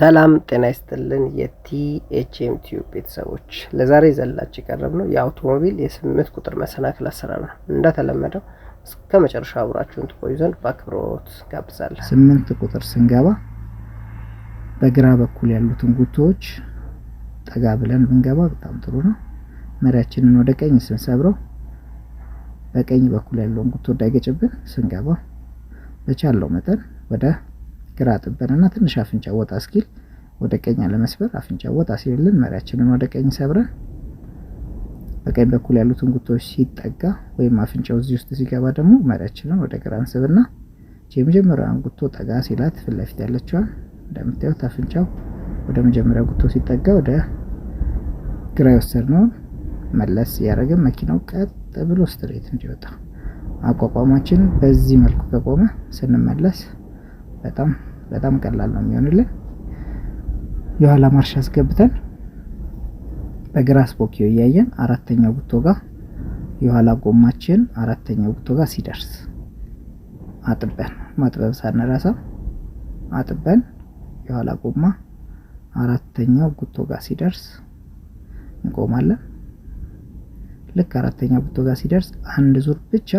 ሰላም ጤና ይስጥልን የቲኤችኤም ቲዩብ ቤተሰቦች፣ ለዛሬ ዘላች የቀረብ ነው የአውቶሞቢል የስምንት ቁጥር መሰናክል አሰራር ነው። እንደተለመደው እስከ መጨረሻ አብራችሁን ትቆዩ ዘንድ በአክብሮት ጋብዛለሁ። ስምንት ቁጥር ስንገባ በግራ በኩል ያሉትን ጉቶዎች ጠጋ ብለን ብንገባ በጣም ጥሩ ነው። መሪያችንን ወደ ቀኝ ስንሰብረው በቀኝ በኩል ያለውን ጉቶ እንዳይገጭብን ስንገባ በቻለው መጠን ወደ ግራ ጥበንና ትንሽ አፍንጫ ወጣ እስኪል ወደ ቀኝ አለመስበር አፍንጫ ወጣ ሲልልን መሪያችንን ወደ ቀኝ ሰብረን በቀኝ በኩል ያሉትን ጉቶች ሲጠጋ ወይም አፍንጫው እዚህ ውስጥ ሲገባ ደግሞ መሪያችንን ወደ ግራ እንስብና የመጀመሪያዋን ጉቶ ጠጋ ሲላት ፊት ለፊት ያለችዋን እንደምታዩት አፍንጫው ወደ መጀመሪያ ጉቶ ሲጠጋ ወደ ግራ የወሰድነውን መለስ እያደረግን መኪናው ቀጥ ብሎ ስትሬት እንዲወጣ አቋቋማችን በዚህ መልኩ ከቆመ ስንመለስ በጣም በጣም ቀላል ነው የሚሆንልን። የኋላ ማርሽ አስገብተን በግራ ስፖኪዮ እያየን አራተኛው ቡቶ ጋር የኋላ ጎማችን አራተኛው ቡቶ ጋር ሲደርስ አጥበን ማጥበብ ሳንረሳ አጥበን የኋላ ጎማ አራተኛው ጉቶ ጋር ሲደርስ እንቆማለን። ልክ አራተኛው ጉቶ ጋር ሲደርስ አንድ ዙር ብቻ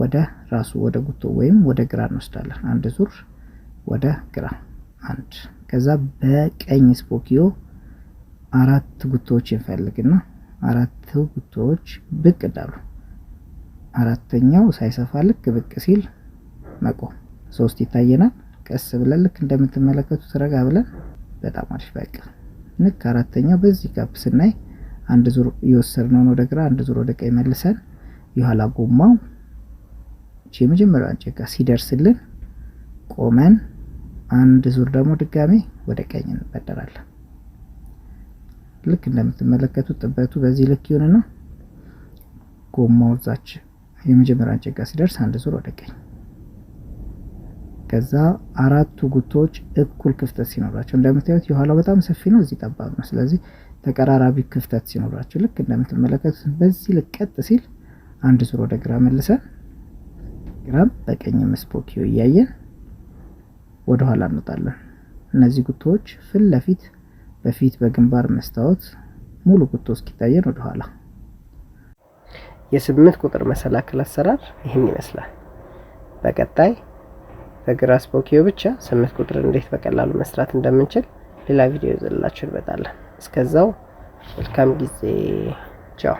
ወደ ራሱ ወደ ጉቶ ወይም ወደ ግራ እንወስዳለን። አንድ ዙር ወደ ግራ አንድ ከዛ በቀኝ ስፖኪዮ አራት ጉቶዎች እንፈልግና አራት ጉቶዎች ብቅ እንዳሉ አራተኛው ሳይሰፋ ልክ ብቅ ሲል መቆም ሶስት ይታየናል። ቀስ ብለን ልክ እንደምትመለከቱት ረጋ ብለን በጣም አሪፍ በቃ ልክ አራተኛው በዚህ ጋፕ ስናይ አንድ ዙር የወሰድነውን ወደ ግራ አንድ ዙር ወደ ቀኝ መልሰን የኋላ ጎማው የመጀመሪያው አንጨጋ ሲደርስልን ቆመን አንድ ዙር ደግሞ ድጋሜ ወደ ቀኝ እንበደራለን። ልክ እንደምትመለከቱት ጥበቱ በዚህ ልክ ይሆንና ጎማው እዛች የመጀመሪያ ጭቃ ሲደርስ አንድ ዙር ወደ ቀኝ፣ ከዛ አራቱ ጉቶዎች እኩል ክፍተት ሲኖራቸው እንደምታዩት የኋላው በጣም ሰፊ ነው፣ እዚህ ጠባብ ነው። ስለዚህ ተቀራራቢ ክፍተት ሲኖራቸው ልክ እንደምትመለከቱት በዚህ ልክ ቀጥ ሲል አንድ ዙር ወደ ግራ መልሰን ግራም በቀኝም ስፖኪዮ እያየን ወደ ኋላ እንወጣለን። እነዚህ ጉቶዎች ፊት ለፊት በፊት በግንባር መስታወት ሙሉ ጉቶ እስኪታየን ወደ ኋላ። የስምንት ቁጥር መሰላክል አሰራር ይህን ይመስላል። በቀጣይ በግራ ስፖኪዮ ብቻ ስምንት ቁጥር እንዴት በቀላሉ መስራት እንደምንችል ሌላ ቪዲዮ ይዘላችሁ እንመጣለን። እስከዛው መልካም ጊዜ። ቻው